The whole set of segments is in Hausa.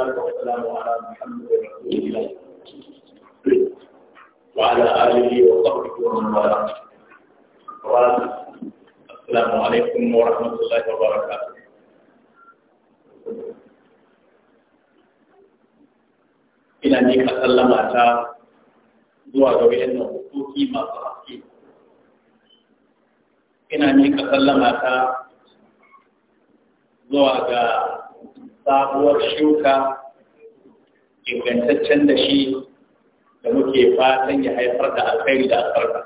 والصلاة والسلام على محمد رسول الله وعلى آله وصحبه ومن والاه السلام عليكم ورحمة الله وبركاته ina ne ka sallama ta zuwa ga wayannan hukuki masu haske ina ne ka sallama ta zuwa ga sabuwar shuka ingantaccen da shi da muke fatan ya haifar da alkhairi da albarka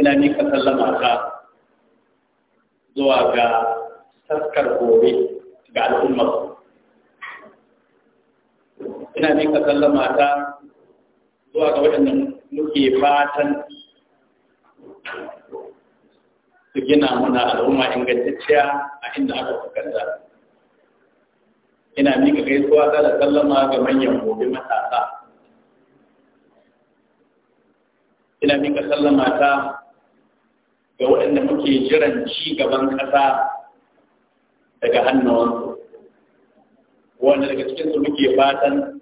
ina mika sallama ka zuwa ga taskar gobe ga al'ummar ina mika sallama ta zuwa ga waɗannan muke fatan su gina muna al'umma ingantacciya a inda aka fuskanta ina mika gaisuwa ta da sallama ga manyan gobe matasa ina mika sallama ta ga waɗanda muke jiran ci gaban ƙasa daga hannuwansu wanda daga cikinsu muke fatan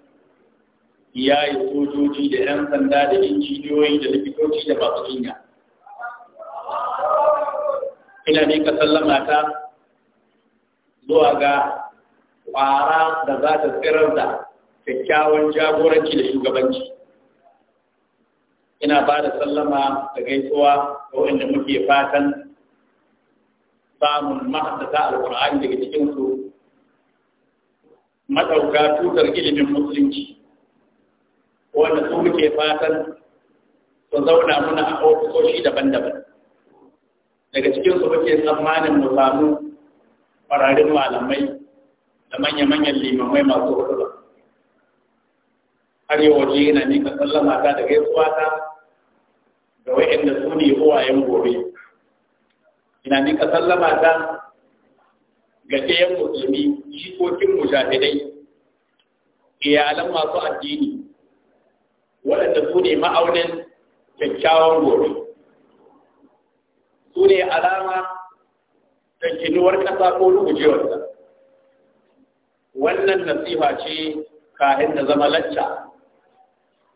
ya yi sojoji da 'yan sanda da injiniyoyi da likitoci da masu jinya ina ne ka sallama ta zuwa ga ƙwara da za ta tsirar da kyakkyawan jagoranci da shugabanci ina ba da sallama da gaisuwa ga wanda muke fatan samun mahaddata alƙur'ani daga cikinsu maɗauka tutar ilimin musulunci wanda su muke fatan su zauna muna a ofisoshi daban-daban daga cikin su muke tsammanin mu samu fararin malamai da manya-manyan limamai masu hudu har yau waje yana nika sallama ta da gaisuwa ta ga da su ne uwayen gobe ina nika sallama ta ga ɗayan musulmi jikokin mujahidai iyalan masu addini waɗanda su ne ma'aunin kyakkyawan gobe su alama da ginuwar ƙasa ko rugujewarsa wannan nasiha ce kahin da zama lacca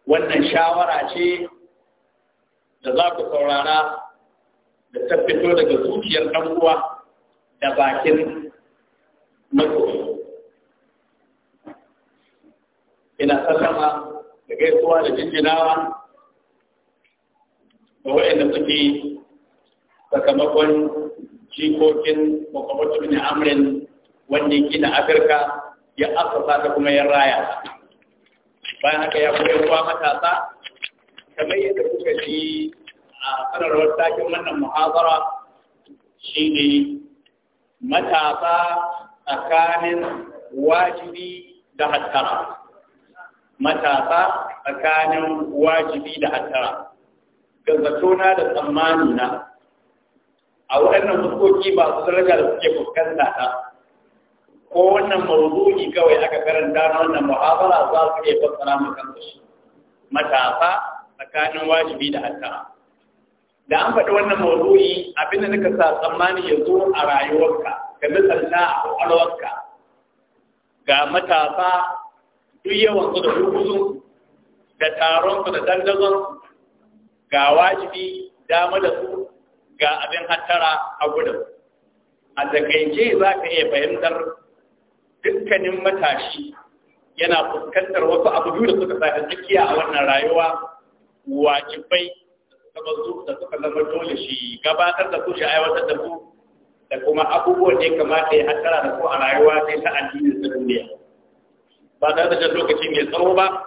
wannan shawara ce da za ku saurara da ta fito daga zuciyar ɗan uwa da bakin masoyi ina sallama da gaisuwa da jinjinawa da waɗanda suke sakamakon jikokin makamatu ne amrin wanda gina afirka ya asasa ta kuma 'yan raya bayan haka ya kuma yankuwa matasa kamar yadda kuka ji a sanarwar takin wannan muhazara shi ne matasa tsakanin wajibi da hattara matasa tsakanin wajibi da hattara gazzatona da tsammani na a waɗannan fuskoki ba su daraja da suke fuskanta ta ko wannan mawdu'i kawai aka karanta na wannan muhabara za su iya fassara mu kansu shi matasa tsakanin wajibi da hatta da an faɗi wannan mawdu'i abin da nika sa tsammani ya zo a rayuwarka ka misalta a kwakwalwarka ga matasa duk yawan su da hukuzu da taron su da dandazon ga wajibi dama da su ga abin hattara a gudun a takaice za ka iya fahimtar dukkanin matashi yana fuskantar wasu abu biyu da suka sa tsakiya a wannan rayuwa wajibai da suka zama dole shi gabatar da su shi aiwatar da su da kuma abubuwan da ya kamata ya hattara da su a rayuwa sai ta addinin sa duniya ba tare da jan lokaci mai tsawo ba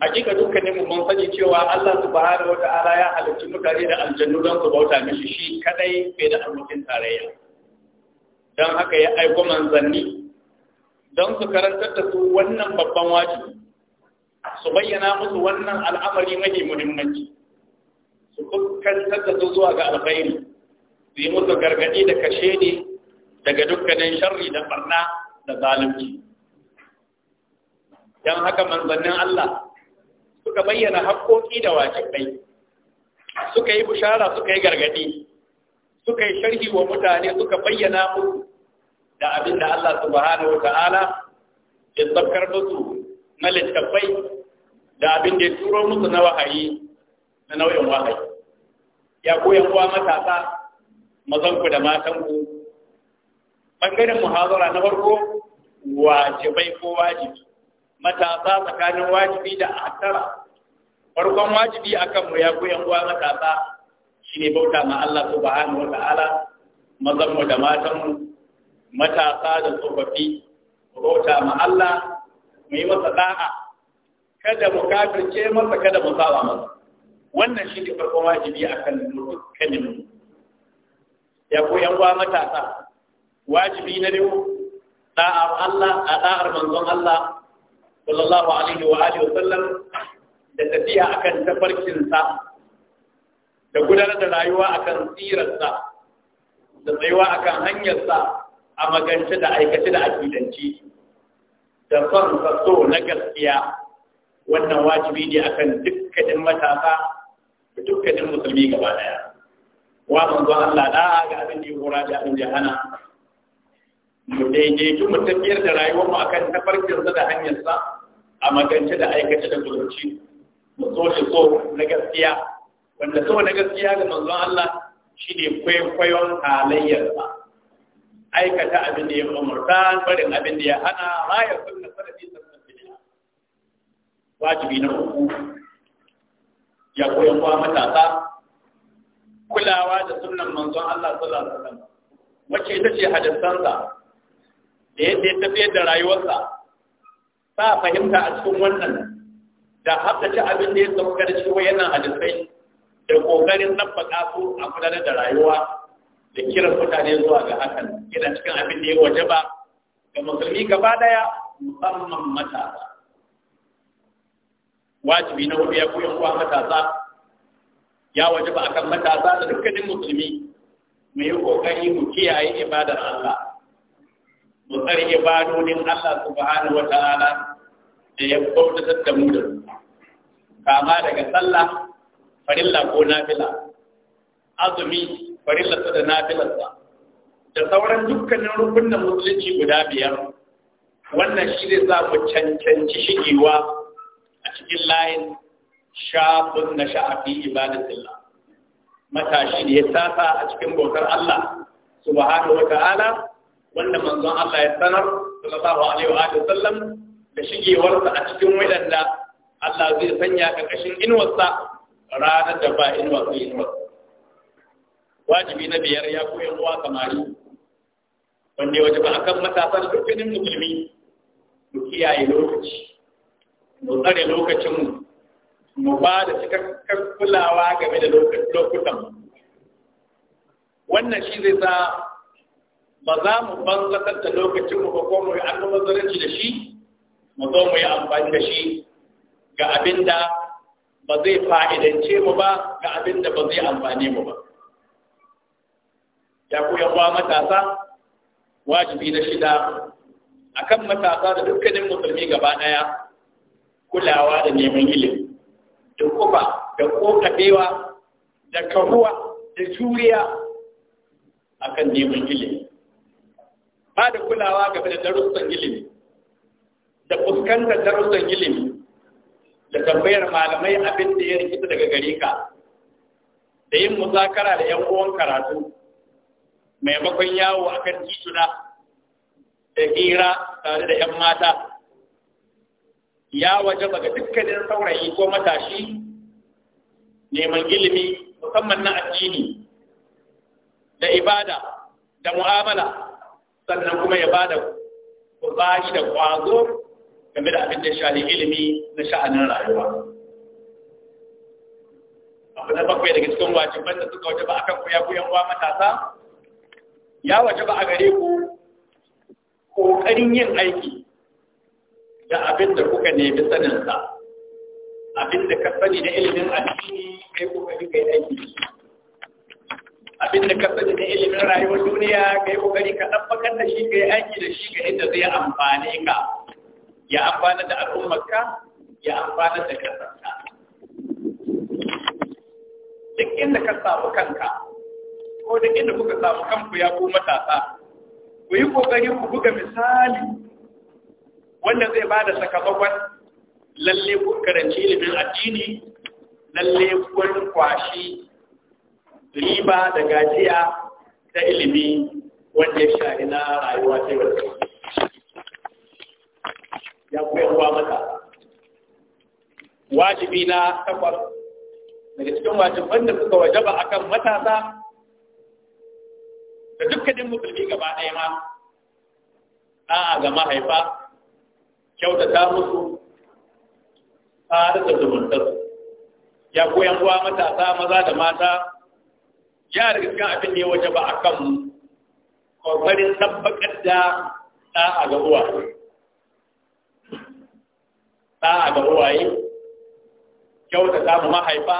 hakika dukkanin mu mun sani cewa Allah subhanahu ta'ala ya halicci mutane da aljannu don su bauta mishi shi kadai bai da abokin tarayya don haka ya aiko manzanni don su karantar da su wannan babban wajibi su bayyana musu wannan al'amari mai muhimmanci su fuskantar da su zuwa ga alkhairi su yi musu gargaɗi da kashe ne daga dukkanin sharri da barna da zalunci don haka manzannin Allah suka bayyana haƙoƙi da wajibai suka yi bushara suka yi gargadi suka yi sharhi wa mutane suka bayyana musu da abin da Allah subhanahu wata'ala ya tsakar musu na littattafai da abin da ya turo musu na wahayi na nau'in wahayi ya koyan kuwa matasa mazanku da matanku ɓangaren muhazara na farko wajibai ko wajibi matasa tsakanin wajibi da asara farkon wajibi akan mu ya ku yan uwa matasa shine bauta ma Allah subhanahu wa ta'ala mazan mu da matan mu matasa da tsofaffi bauta ma Allah mu yi masa da'a kada mu kafirce masa kada mu saba masa wannan shine farkon wajibi akan dukkanin mu ya ku uwa matasa wajibi na dawo Allah a da'ar manzon Allah sallallahu alaihi wa alihi wasallam da tafiya akan tafarkinsa da gudanar da rayuwa akan tsirarsa da tsayuwa akan hanyarsa a magance da aikace da akidanci da son so na gaskiya wannan wajibi ne akan dukkanin matasa da dukkanin musulmi gaba daya wa manzo Allah da ga abin da ya hora da abin da hana mu daidaitu mu tafiyar da rayuwar mu akan tafarkin sa da hanyar sa a magance da aikata da zurunci mu so shi so na gaskiya wanda so na gaskiya ga manzon Allah shi ne kwaikwayon halayyarsa aikata abin da ya umarta barin abin da ya hana rayar sunna sanadi sannan bid'a wajibi na uku ya koyon wa matasa kulawa da sunnan manzon Allah sallallahu alaihi wasallam wacce ita ce hadisansa da yadda ya tafiyar da rayuwarsa ba fahimta a cikin wannan da ci abin da ya sauka da cewa yana hadisai da kokarin nabbaka su a gudanar da rayuwa da kiran mutane zuwa ga hakan yana cikin abin da ya waje ba ga musulmi gaba daya musamman matasa wajibi na hudu ya koyan uwa matasa ya waje ba akan matasa da dukkanin musulmi mu yi kokari mu kiyaye ibadar Allah mu tsare ibadodin Allah subhanahu ta'ala da ya kwautatar da mu da su kama daga sallah farilla ko nafila azumi farilla su da nafilarsa da sauran dukkanin rukunin musulunci guda biyar wannan shi zai za mu cancanci shigewa a cikin layin shafin na sha'afi dilla. matashi da ya tasa a cikin bautar Allah subhanahu wa ta'ala wanda manzon Allah ya sanar sallallahu alaihi wa sallam da shigewarsa a cikin waɗanda Allah zai sanya ƙarƙashin inuwarsa ranar da ba inuwa sai inuwa wajibi na biyar ya koya ruwa samari wanda ya wajaba kan matasan dukkanin musulmi mu kiyaye lokaci mu tsare lokacinmu mu ba da cikakkar kulawa game da lokutan wannan shi zai sa ba za mu banzatar da lokacinmu ba ko mu yi annobar da shi mu zo mu yi amfani da shi ga abin da ba zai fa'idance mu ba ga abin da ba zai amfani mu ba ya ku yawa matasa wajibi na shida akan matasa da dukkanin musulmi gaba ɗaya kulawa da neman ilimi da kuma da kokadewa da kahuwa da juriya akan neman ilimi ba da kulawa game da darussan ilimi da fuskantar darussan ilimi da tambayar malamai abin da ya rikita daga gare ka da yin muzakara da yan uwan karatu mai maimakon yawo akan tituna da hira tare da yan mata ya waje ga dukkanin saurayi ko matashi neman ilimi musamman na addini da ibada da mu'amala sannan kuma ya bada kurbani da kwazo game da abin da shafi ilimi na sha'anin rayuwa abu na bakwai daga cikin wajiban da suka waje ba a kan ku ya goyon wa matasa ya wajaba ba a gare ku ƙoƙarin yin aiki da abin da kuka nemi saninsa abin da ka sani na ilimin addini kai ƙoƙari kai aiki abin da ka sani da ilimin rayuwar duniya kai ƙoƙari ka tabbatar da shi kai aiki da shi ga inda zai amfane ka ya amfana da al'ummarka ya amfana da kasarka duk inda ka samu kanka ko duk inda kuka samu kanku ya ku matasa ku yi kokari ku buga misali wanda zai ba da sakamakon lalle ku karanci ilimin addini lalle kun kwashi riba da gajiya ta ilimi wanda ya shari na rayuwa ta yau ya ruwa mata wajibi na takwas daga cikin wajiban da suka wajaba akan matasa da dukkanin musulmi gaba ɗaya ma a ga mahaifa kyautata musu a da zumuntar ya koyan uwa matasa maza da mata ya daga cikin abin ne a akan kokarin tabbatar da a ga uwa ɗa'a ga uwaye kyautata mu mahaifa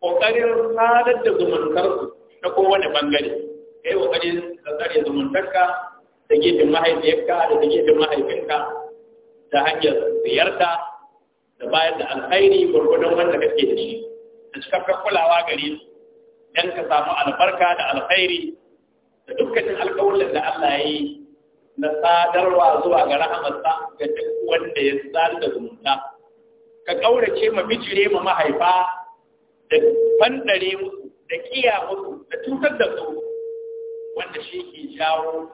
ƙoƙarin sadar da zumuntarsu ta kowane ɓangare ka yi ƙoƙarin ka tsare zumuntarka da gefen mahaifiyarka da da gefen mahaifinka ta hanyar ziyarta da bayar da alkhairi gwargwadon wanda kake da shi da cikakken kulawa gare su don ka samu albarka da alkhairi da dukkanin alkawalin da Allah ya yi na sadarwa zuwa ga rahamarsa ga duk wanda ya sadar da zumunta ka ƙaurace ma bijire ma mahaifa da fandare musu da kiya musu da cutar da su wanda shi ke jawo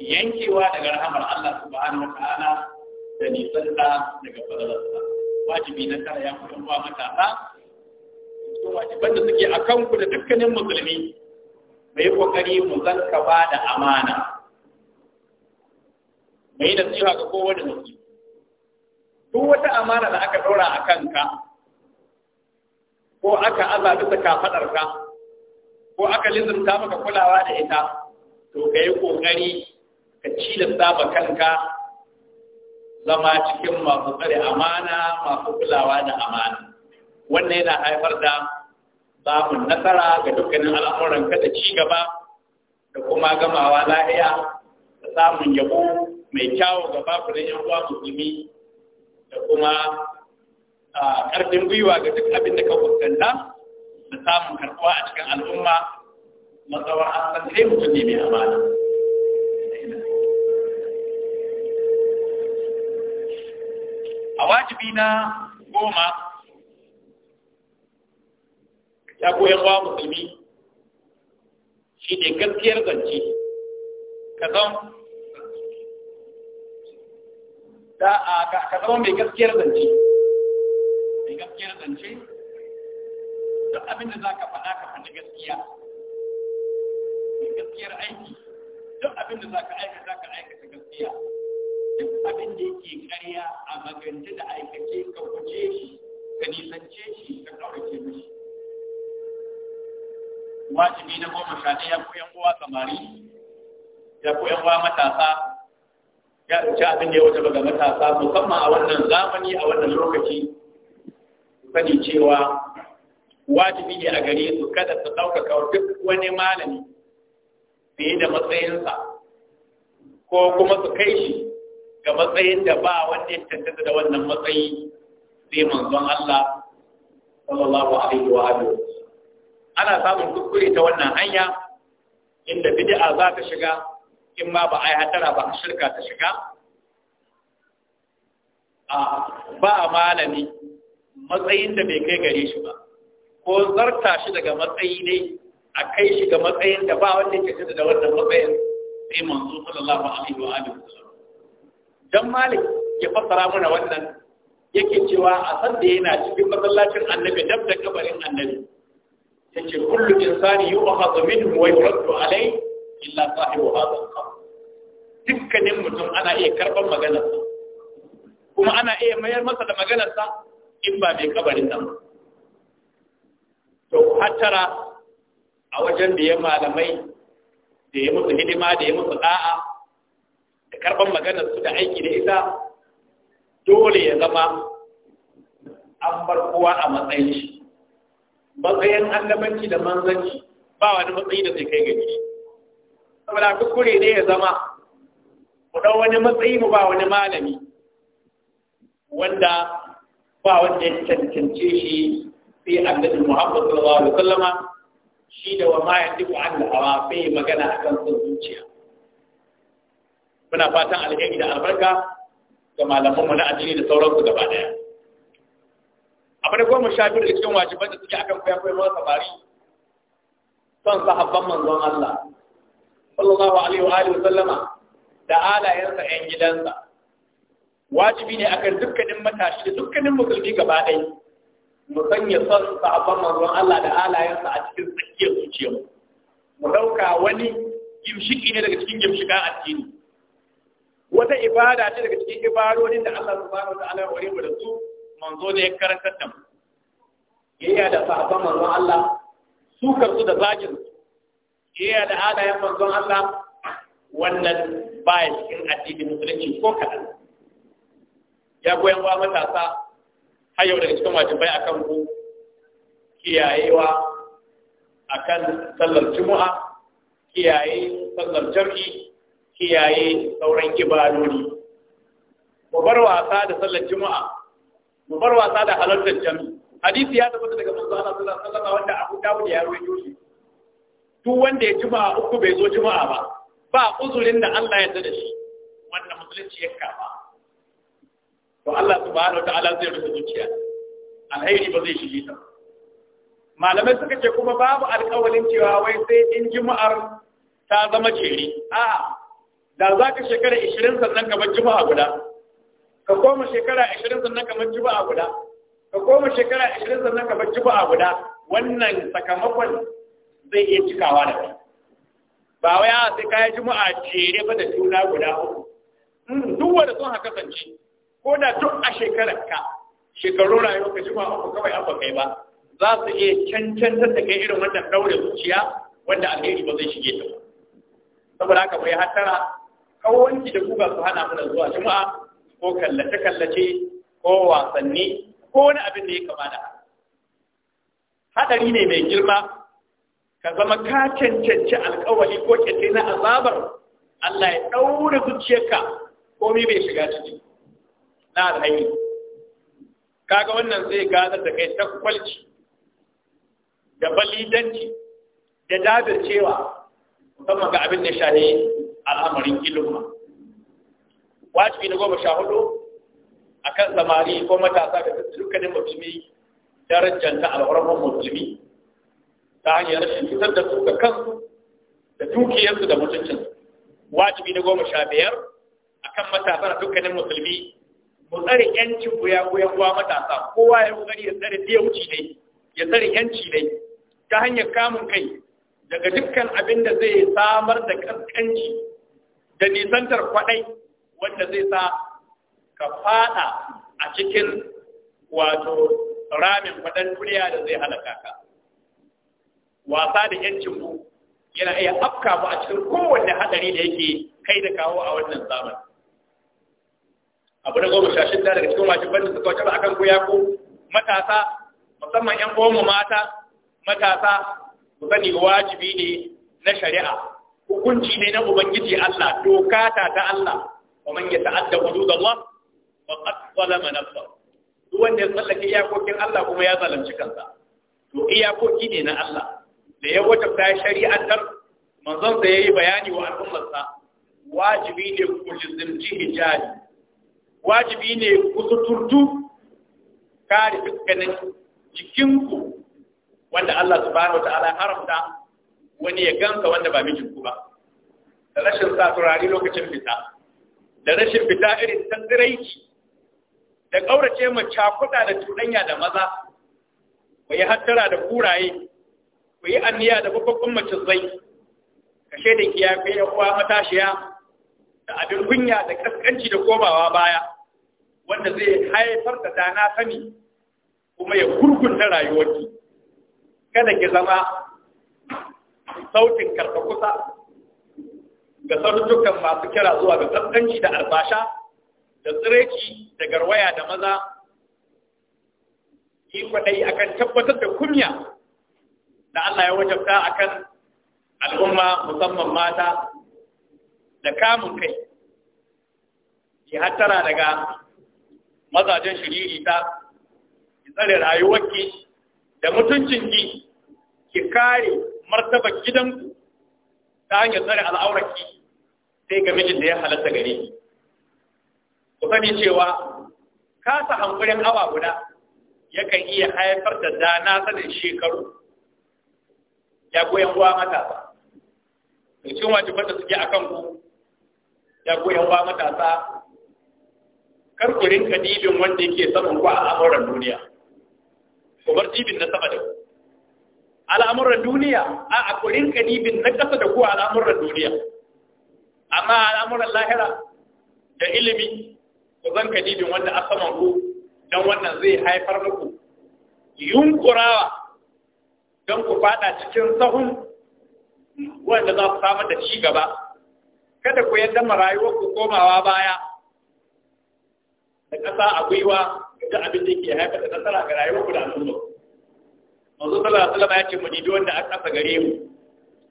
yankewa daga rahamar Allah subhanahu wa ta'ala da ta daga fadalarsa wajibi na tara ya kuma ba matasa to wajiban da suke a ku da dukkanin musulmi mai kokari mu zanka ba da amana ka yi nasiha ga da mutum duk wata amana da aka ɗora a kanka ko aka aza bisa kafaɗarka ko aka ta maka kulawa da ita to ka yi ƙoƙari ka ci da saba kanka zama cikin masu tsare amana masu kulawa da amana wannan yana haifar da samun nasara ga dukkanin al'amuranka da ci gaba da kuma gamawa lahiya da samun yabo mai kyawo ga bakunan yan uwa musulmi da kuma ƙarfin gwiwa ga duk abin da ka fuskanta da samun karɓuwa a cikin al'umma matsawar an san sai mutum ne mai amana a wajibi na goma ya koyan wa musulmi shi ne gaskiyar zance ka zan da ka zama mai gaskiyar zance mai gaskiyar zance duk abinda za ka faɗa ka faɗi gaskiya mai gaskiyar aiki duk abinda za ka aika za ka aikata gaskiya duk abinda da yake karya a magance da aikace ka guje shi ka nisance shi ka kaurace mishi wajibi na goma sha ɗaya ko yan uwa samari ya ko yan uwa matasa ya ci abin da ya matasa musamman a wannan zamani a wannan lokaci sani cewa wajibi ne a gare su kada su ɗaukaka duk wani malami fiye da matsayinsa ko kuma su kai shi ga matsayin da ba wanda ya tattata da wannan matsayi sai manzon Allah sallallahu alaihi wa alihi ana samun kuskure ta wannan hanya inda bid'a za ta shiga in ma ba a yi hatara ba a shirka ta shiga A ba a malami matsayin da bai kai gare shi ba ko zarta shi daga matsayi ne a kai shi ga matsayin da ba wanda ke da wannan matsayin sai manzo sallallahu alaihi wa alihi wasallam dan malik ya fassara mana wannan yake cewa a san da yana cikin masallacin annabi dab da kabarin annabi Yake kullu insani yu'khadhu minhu wa yuraddu alayhi illa sahibu hadha al-qabr dukkanin mutum ana iya karban maganarsa, kuma ana iya mayar masa da maganarsa, sa in ba mai kabarin nan. to hattara a wajen da ya malamai da ya musu hidima da ya musu da'a da karban maganar su da aiki da ita dole ya zama an bar kowa a matsayin shi matsayin annabanci da manzanci ba wani matsayi da zai kai gari saboda kure ne ya zama mu wani matsayi mu ba wani malami wanda ba wanda ya cancance shi sai annabi Muhammad sallallahu alaihi wasallama shi da wa ma yantiku an hawa bai magana akan son zuciya muna fatan alheri da albarka ga mu na addini da sauransu gaba daya abu da kuma sha da cikin wajiban da suke akan koya koyarwar samari son sahabban manzon Allah sallallahu alaihi wa alihi sallama da alayensa ƴan gidansa wajibi ne akan dukkanin matashi da dukkanin musulmi gaba ɗaya mu sanya son sabon manzon Allah da alayensa a cikin tsakiyar zuciyar mu ɗauka wani gimshiki ne daga cikin gimshikan addini wata ibada ce daga cikin ibarorin da Allah subhanahu wa ta'ala ya ware mu da su manzo ne ya karantar da mu yayya da sahabban manzon Allah su karsu da zakin? su iya da halayen manzon Allah wannan baya cikin addinin musulunci ko kaɗan ya goyon wa matasa har yau daga cikin wajibai akan ku kiyayewa akan sallar juma'a kiyaye sallar jam'i kiyaye sauran ibadodi mu bar wasa da sallar juma'a mu bar wasa da halartar jam'i hadisi ya tabbata daga manzo Allah sallallahu alaihi wasallam wanda Abu Dawud ya rawaito shi duk wanda ya juma'a uku bai zo juma'a ba ba uzurin da Allah ya da shi wanda musulunci ya kama to Allah subhanahu wa ta'ala zai rufe zuciya alheri ba zai shige ta malamai suka ce kuma babu alƙawalin cewa wai sai in juma'ar ta zama ceri a da za ka shekara 20 sannan kamar juma'a guda ka koma shekara 20 sannan kamar juma'a guda ka koma shekara 20 sannan kamar juma'a guda wannan sakamakon zai iya cikawa da kai ba wai a sai kayan juma'a jere ba da juna guda uku hmm, duk wanda sun haka kasance ko da duk a shekarar ka shekaru rayuwa ka juma'a uku kawai an ba kai ba za su iya cancantar da kai irin wannan daure zuciya wanda alheri ba zai shige ta ba saboda haka bai hattara kawanci da ba su hana mana zuwa juma'a ko kallace-kallace ko wasanni ko wani abin da ya kama da hadari ne mai girma ka zama ka cancanci alkawari ko kyalle na azabar Allah ya ɗaure zuciyarka komai bai shiga ciki na alhaini kaga wannan zai gaza da kai ta kwalci, da balidanci da cewa musamman ga abin da shahe al'amarin ilimma wajibi na goma sha hudu a kan samari ko matasa da dukkanin mutumi darajanta al'urban musulmi ta hanyar rashin fitar da su ga kansu da dukiyarsu da mutuncinsu wajibi na goma sha biyar akan matasa da dukkanin musulmi mu tsare yancin goya goyon matasa kowa ya kokari ya tsare wuce ne ya tsare yanci ne ta hanyar kamun kai daga dukkan abin da zai samar da kaskanci da nisantar kwaɗai wanda zai sa ka fada a cikin wato ramin kwaɗan duniya da zai halaka ka wasa da yancin mu yana iya afka mu a cikin kowanne hadari da yake kai da kawo a wannan zaman abu da goma sha shida daga cikin wajiban da suka wajen akan goya ko matasa musamman yan uwanmu mata matasa ku sani wajibi ne na shari'a hukunci ne na ubangiji Allah doka ta ta Allah wa man yata'adda wa faqad zalama nafsahu duk wanda ya tsallake iyakokin Allah kuma ya zalunci kansa to iyakoki ne na Allah da ya wajabta shari'antar manzon da yayi bayani wa al'ummarsa wajibi ne ku lizimci hijabi wajibi ne ku suturtu kare dukkanin jikinku wanda Allah subhanahu wataala ya haramta wani ya ganka wanda ba mijinku ba da rashin sa lokacin fita da rashin fita irin tangaraici da kaurace ma cakuda da cuɗanya da maza ku yi hattara da kuraye ku yi anniya da babban macin zai ka shaidan ki ya kai yan uwa matashiya da abin kunya da kaskanci da komawa baya wanda zai haifar da dana sani kuma ya kurkunta rayuwarki kada ki zama sautin karfa kusa ga sarutukan masu kira zuwa ga kaskanci da albasha da tsireci da garwaya da maza yi kwaɗayi akan tabbatar da kunya da Allah ya wajabta kan al'umma musamman mata da kamun kai ya hattara daga mazajen shiriri ta ki tsare rayuwarki da mutuncinki ki kare martabar gidanku ta hanyar tsare al'auraki sai ga mijin da ya halatta gare ki ku sani cewa kasa hankulin awa guda yakan iya haifar da dana sanin shekaru ya goyon wa matasa to cin wajiban da suke kan ku ya goyon wa matasa kar ku rinka dibin wanda yake saman ku a al'amuran duniya ku bar dibin na sama da ku al'amuran duniya a a ku rinka dibin na ƙasa da ku a al'amuran duniya amma al'amuran lahira da ilimi ku zan ka dibin wanda a saman ku don wannan zai haifar muku yunkurawa don ku fada cikin sahun wanda za ku samar da ci gaba kada ku yadda marayuwar ku komawa baya da ƙasa a gwiwa da abin da ke haifar da nasara ga rayuwar ku da al'umma manzo sallallahu alaihi wasallam ya ce mu wanda aka kasa gare mu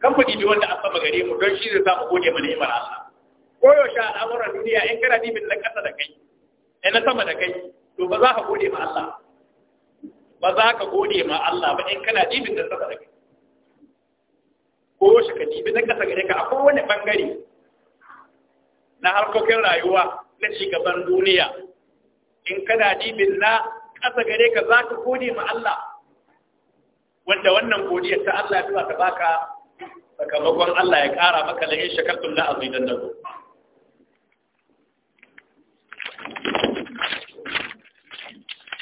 kan mu didi wanda aka sama gare mu don shi zai samu gode mana ni'imar Allah koyo sha al'amuran duniya in kana dibin na ƙasa da kai in eh, na sama da kai to ba za ka gode ma Allah ba za ka gode ma Allah ba in kana dibin da saba da ko shi ka dibi na kasa gare ka akwai wani bangare na harkokin rayuwa na shugaban duniya in kana dibin na kasa gare ka za ka gode ma Allah wanda wannan godiya ta Allah ta ka baka sakamakon Allah ya kara maka la in shakartum la azidan lakum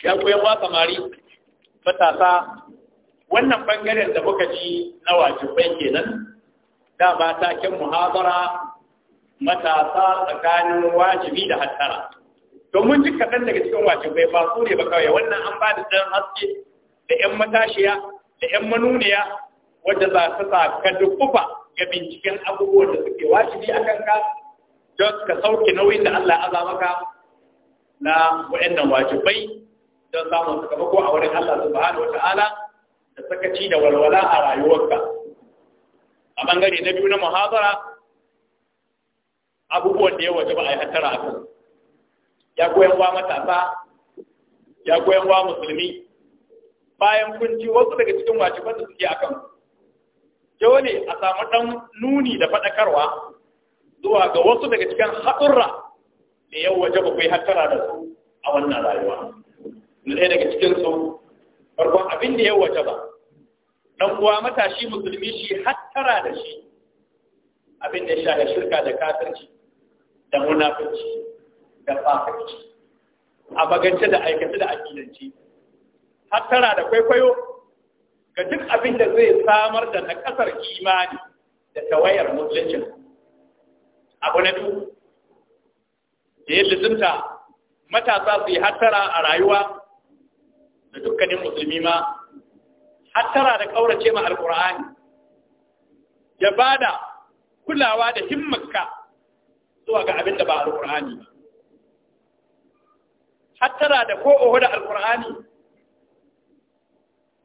ya koyan ba samari matasa wannan bangaren da muka ji na wajibai kenan dama taken muhabara matasa tsakanin wajibi da hattara to mun ji kaɗan daga cikin wajibai ba su ne ba kawai wannan an ba da ɗan haske da ƴan matashiya da ƴan manuniya wadda za su sa ka dukkufa ga binciken abubuwan da suke wajibi a kanka don ka sauke nauyin da Allah ya aza maka na waɗannan wajibai don samun sakamako a wurin Allah subhanahu wata'ala da sakaci da walwala a rayuwarka a bangare na biyu na muhabara abubuwan da ya waje ba a yi hattara a ya goyon wa matasa ya goyon wa musulmi bayan kun ci wasu daga cikin wajiban da suke akan dole a samu ɗan nuni da faɗakarwa zuwa ga wasu daga cikin haɗurra da yau waje ba kai hattara da su a wannan rayuwa na ɗaya daga cikin su farkon abin da ya waje ba dan kuwa matashi musulmi shi hattara da shi abin da ya shafi shirka da kafirci da munafici da fafici a bagance da aikata da akidanci hattara da kwaikwayo ga duk abin da zai samar da na kasar imani da tawayar musuluncin abu na duk da ya lizimta matasa su yi hattara a rayuwa da dukkanin musulmi ma hattara da kaurace ma alkur'ani ya bada kulawa da himmarka zuwa ga abin da ba alkur'ani ba hattara da ko oho da alkur'ani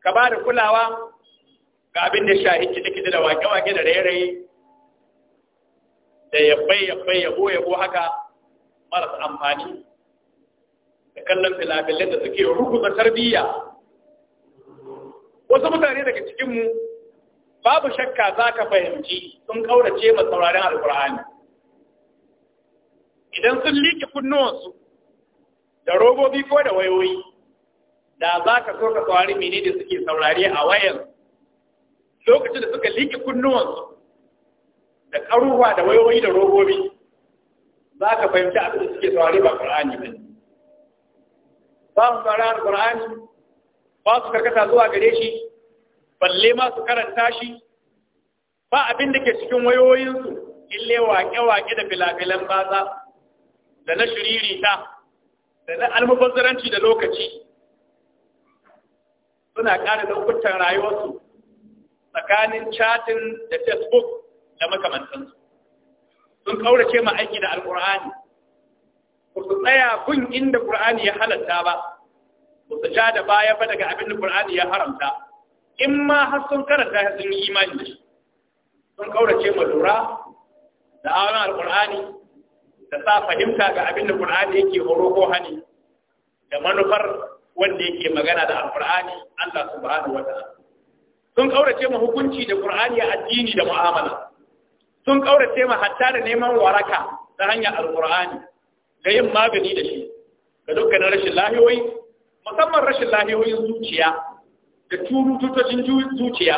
ka ba da kulawa ga abin da shahi kiɗe-kiɗe da wake-wake da rairayi da yabbai-yabbai yabo-yabo haka marasa amfani da kallon filafilai da suke rukuta tarbiyya wasu mutane daga cikinmu babu shakka za ka fahimci sun kaurace ma sauraren alkur'ani idan sun liƙe kunnuwansu da robobi ko da wayoyi da za ka so ka saurari mene da suke saurari a wayan lokacin da suka liƙe kunnuwansu da ƙaruwa da wayoyi da robobi za ka fahimci abin da suke saurari ba ƙur'ani ba ne ba su tsara alqur'ani ba su karkata zuwa gare shi balle ma su karanta shi ba abin da ke cikin wayoyinsu ille waƙe-waƙe da filafilan baza da na shiririta da na almubazzaranci da lokaci suna ƙara lokutan rayuwarsu tsakanin chatin da facebook da makamantansu sun ƙaurace ma aiki da alƙur'ani ba su tsaya kun inda Qur'ani ya halatta ba ba su ja da baya ba daga abin da Qur'ani ya haramta in ma har sun karanta ya sun yi imani da shi sun kaurace ma lura da awon Alƙur'ani da sa fahimta ga abin da Qur'ani yake horo ko hani da manufar wanda yake magana da Alƙur'ani Allah subhanahu wataala sun kaurace ma hukunci da Qur'ani a addini da mu'amala sun kaurace ma hatta da neman waraka ta hanyar Alƙur'ani. Ga yin magani da shi ga dukkanin rashin lahiyoyi musamman rashin lahiyoyin zuciya da turututocin zuciya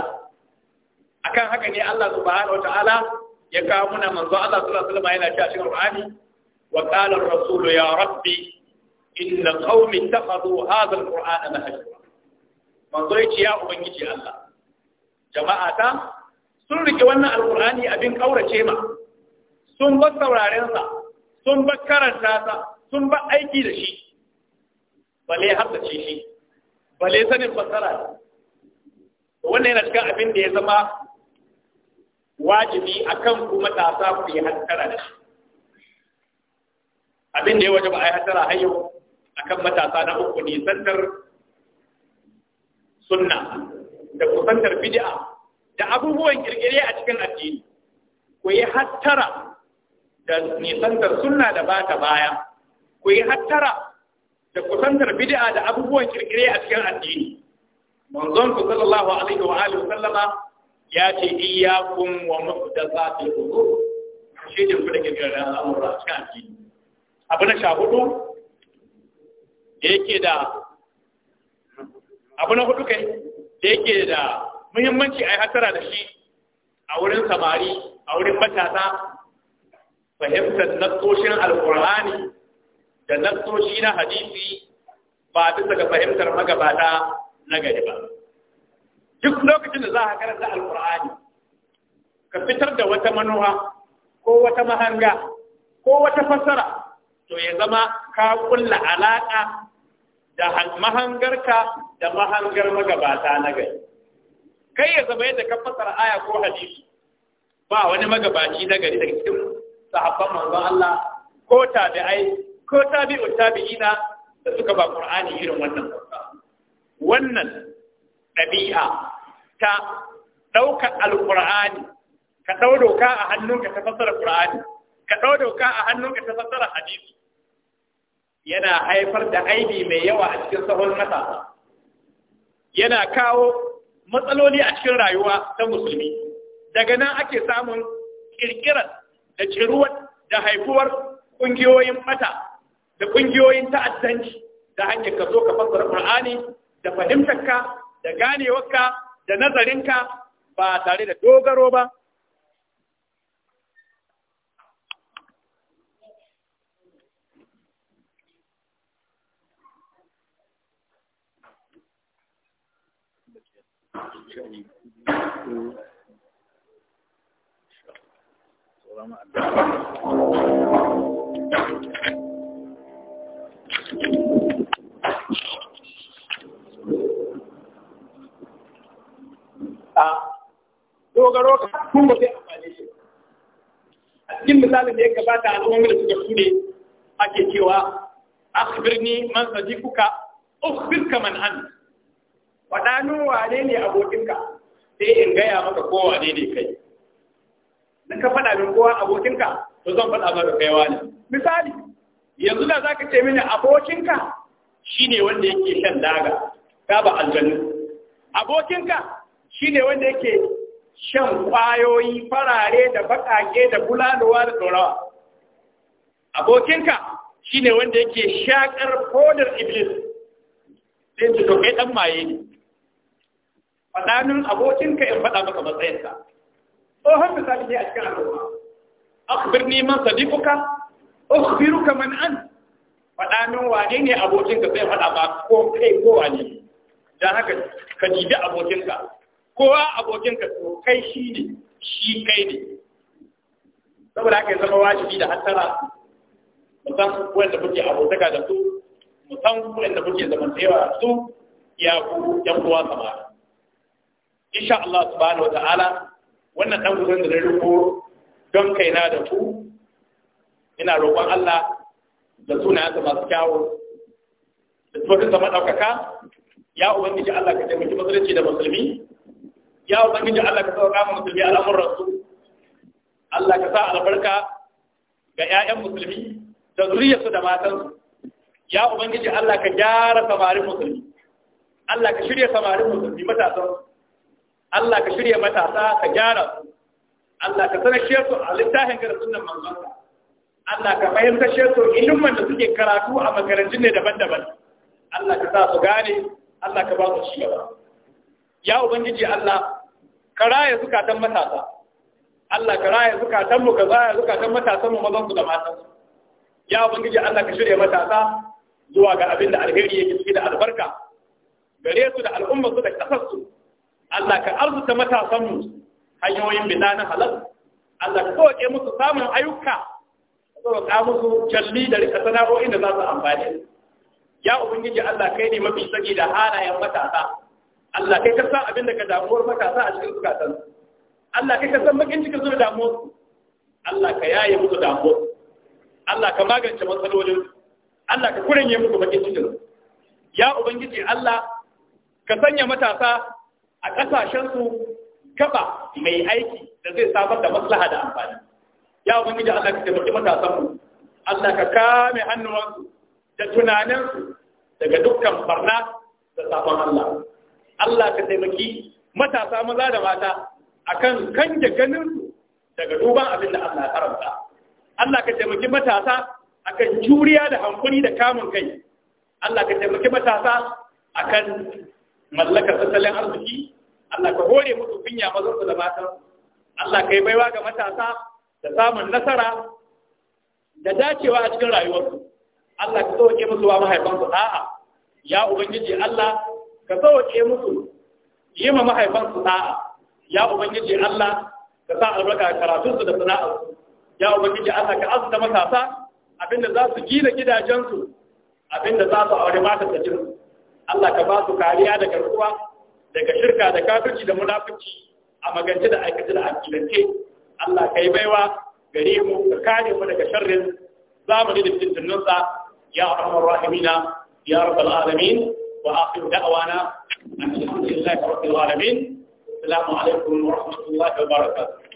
A kan haka ne Allah subhanahu Ta'ala ya kawo muna manzo Allah sallallahu alaihi wasallam yana a cikin Qur'ani wa qala ar-rasul ya rabbi inna qaumi ittakhadhu hadha al-qur'ana mahjura manzo yace ya ubangiji Allah jama'a ta sun rike wannan al alqur'ani abin kaurace ma sun bar sauraren sa sun ba karanta ta sun ba aiki da shi bale haddace shi bale sanin fasara wannan yana cikin abin da ya zama wajibi akan kuma matasa ku yi hattara da shi abin da ya waje ba a yi hattara har a akan matasa na uku nisantar sunna da kusantar bid'a da abubuwan kirkire a cikin addini ku yi hattara da nisantar sunna da bata baya ku yi hattara da kusantar bid'a da abubuwan kirkire a cikin addini manzon ku sallallahu alaihi wa alihi sallama ya ce iyyakum wa muhdathatil umur shi ne ku da kirkire da al'amura a cikin addini abu na sha hudu da yake da abu na hudu kai da yake da muhimmanci a yi hattara da shi a wurin samari a wurin matasa fahimtar nassoshin alkur'ani da nassoshi na hadisi ba bisa ga fahimtar magabata na gari ba duk lokacin da za a karanta alkur'ani ka fitar da wata manuwa ko wata mahanga ko wata fassara to ya zama ka kulla alaƙa da mahangarka da mahangar magabata na gari kai ya zama yadda ka fassara aya ko hadisi ba wani magabaci na gari daga cikin sahabban manzon Allah ko tabi'ai ko tabi'u tabi'ina da suka ba Qur'ani irin wannan wannan ɗabi'a ta ɗaukar alƙur'ani ka ɗau doka a hannunka ta fassara Qur'ani ka ɗau doka a hannunka ta fassara hadisi yana haifar da aibi mai yawa a cikin sahon matasa yana kawo matsaloli a cikin rayuwa ta musulmi daga nan ake samun ƙirƙirar da ciruwar da haifuwar ƙungiyoyin mata da ƙungiyoyin ta'addanci da hanyar ka zo ka fassara Qur'ani da fahimtarka da ganewarka da nazarinka ba tare da dogaro ba Thank you. tsoron ah, dogaro ka kuma sai a cikin misalin da ya gabata al'ummomin da suka shuɗe ake cewa wane ne abokinka sai in gaya maka ko wane ne kai da ka faɗa min kowa abokinka to zan faɗa maka kaiwa ne misali yanzu da zaka ce mini abokinka shine wanda yake shan daga ta ba aljanu abokinka shine wanda yake shan kwayoyi farare da baƙaƙe da bulalowa, da ɗorawa abokinka shine wanda yake shakar fodar iblis sai su to kai dan maye ne faɗanin abokinka in faɗa maka matsayinka tsohon misali ne a cikin al'umma akhbirni man sadiquka ukhbiruka man an faɗa min wane ne abokin ka sai faɗa ba ko kai ko wane dan haka ka dibi abokinka kowa ka to kai shi ne shi kai ne saboda haka ya zama wajibi da hattara musan wanda kuke abotaka da su musan wanda kuke zaman da su ya ku yan uwa samari insha Allah subhanahu wa ta'ala wannan ɗan gudun da na riko don kaina da ku ina roƙon Allah da sunayensa masu kyawun. da tsohon zama ɗaukaka ya ubangiji Allah ka taimaki musulunci da musulmi ya ubangiji Allah ka sauka ma musulmi al'amuran su Allah ka sa albarka ga 'ya'yan musulmi da su da matansu ya ubangiji Allah ka gyara samarin musulmi Allah ka shirya samarin musulmi matasan Allah ka shirya matasa ka gyara su Allah ka sanashe su a littafin ga sunan manzonka Allah ka fahimtar su ilimin da suke karatu a makarantun ne daban-daban Allah ka sa su gane Allah ka ba su ci gaba ya ubangiji Allah ka raya zukatan matasa Allah ka raya zukatan mu ka raya zukatan matasan mu mazan su da matan su ya ubangiji Allah ka shirya matasa zuwa ga abin da alheri yake ciki da albarka gare su da al'ummar su da kasar su Allah ka arzuta matasanmu hanyoyin bida na halal Allah ka koke musu samun ayyuka ka ka musu jalli da rika sana'o'in da za su amfani ya ubangiji Allah kai ne mafi tsaki da halayen matasa Allah kai ka san abin da ka damuwar matasa a cikin zukatan Allah kai ka san bakin cikin zuwa damuwar Allah ka yaye musu damuwar Allah ka magance matsalolin Allah ka kurenye musu bakin cikin ya ubangiji Allah ka sanya matasa a ƙasashensu gaba mai aiki da zai samar da maslaha da amfani ya ubangiji Allah ka taimaki matasanmu Allah ka kame hannuwansu da tunaninsu daga dukkan barna da sabon Allah Allah ka taimaki matasa maza da mata a kan da ganinsu daga duban abin da Allah karanta Allah ka taimaki matasa a kan juriya da hankuri da kamun kai Allah ka taimaki matasa a kan mallakar tattalin arziki Allah ka hore musu kunya mazan su da matan Allah ka yi baiwa ga matasa da samun nasara da dacewa a cikin rayuwarsu Allah ka sauke musu wa mahaifansu da'a ya ubangiji Allah ka sauke musu yi ma mahaifansu da'a ya ubangiji Allah ka sa albarka su da sana'arsu ya ubangiji Allah ka azuta matasa abinda za su gina gidajensu abinda za su aure mata ta Allah ka ba su kariya daga ruwa daga shirka da kafirci da munafici a magance da aikata da akidance Allah kai baiwa gare mu ka kare mu daga sharrin zamani da fitintunsa ya arhamar rahimina ya rabbal alamin wa akhir da'wana alhamdulillahi rabbil alamin assalamu alaikum wa rahmatullahi wa barakatuh